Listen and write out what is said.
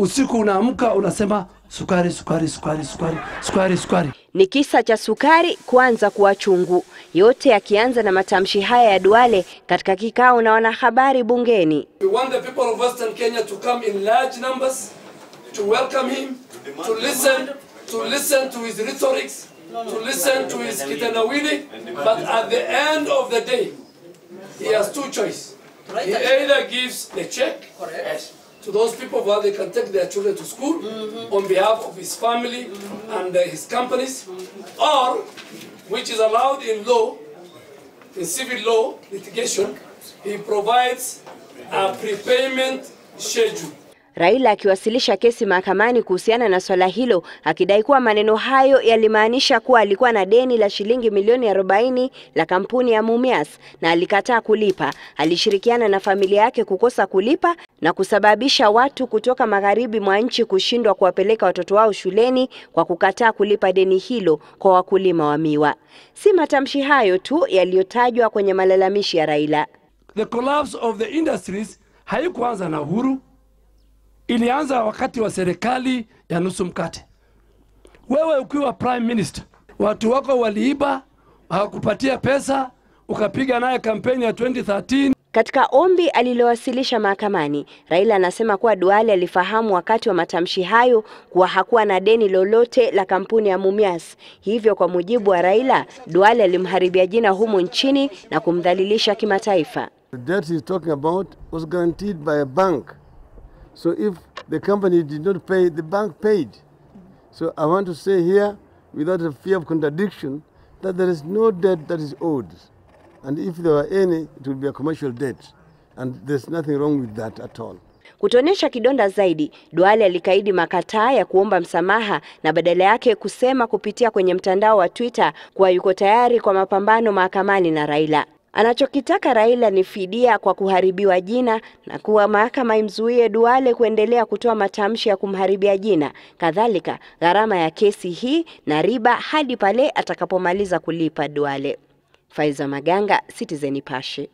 usiku unaamka unasema sukari, sukari, sukari, sukari, sukari, sukari. Ni kisa cha sukari kuanza kuwa chungu, yote yakianza na matamshi haya ya Duale katika kikao na wanahabari bungeni. We want the people of Western Kenya to come in large numbers to welcome him, to listen, to listen to his rhetorics, to listen to his kitendawili, but at the end of the day he has two choices. He either gives the check Correct. to those people where they can take their children to school mm -hmm. on behalf of his family mm -hmm. and uh, his companies, or which is allowed in law, in civil law litigation, he provides a prepayment schedule Raila akiwasilisha kesi mahakamani kuhusiana na swala hilo akidai kuwa maneno hayo yalimaanisha kuwa alikuwa na deni la shilingi milioni 40 la kampuni ya Mumias na alikataa kulipa. Alishirikiana na familia yake kukosa kulipa na kusababisha watu kutoka magharibi mwa nchi kushindwa kuwapeleka watoto wao shuleni kwa kukataa kulipa deni hilo kwa wakulima wa miwa. Si matamshi hayo tu yaliyotajwa kwenye malalamishi ya Raila. The collapse of the industries haikuanza na Uhuru ilianza wakati wa serikali ya nusu mkate. Wewe ukiwa prime minister, watu wako waliiba, hawakupatia pesa, ukapiga naye kampeni ya 2013. Katika ombi alilowasilisha mahakamani, Raila anasema kuwa Duale alifahamu wakati wa matamshi hayo kuwa hakuwa na deni lolote la kampuni ya Mumias. Hivyo kwa mujibu wa Raila, Duale alimharibia jina humo nchini na kumdhalilisha kimataifa. The debt he's talking about was guaranteed by a bank. So if the company did not pay, the bank paid. So I want to say here, without a fear of contradiction, that there is no debt that is owed. And if there were any, it would be a commercial debt. And there's nothing wrong with that at all. Kutoonyesha kidonda zaidi, Duale alikaidi makataa ya kuomba msamaha na badala yake kusema kupitia kwenye mtandao wa Twitter kuwa yuko tayari kwa mapambano mahakamani na Raila. Anachokitaka Raila ni fidia kwa kuharibiwa jina na kuwa mahakama imzuie Duale kuendelea kutoa matamshi ya kumharibia jina, kadhalika gharama ya kesi hii na riba hadi pale atakapomaliza kulipa Duale. Faiza Maganga, Citizen Nipashe.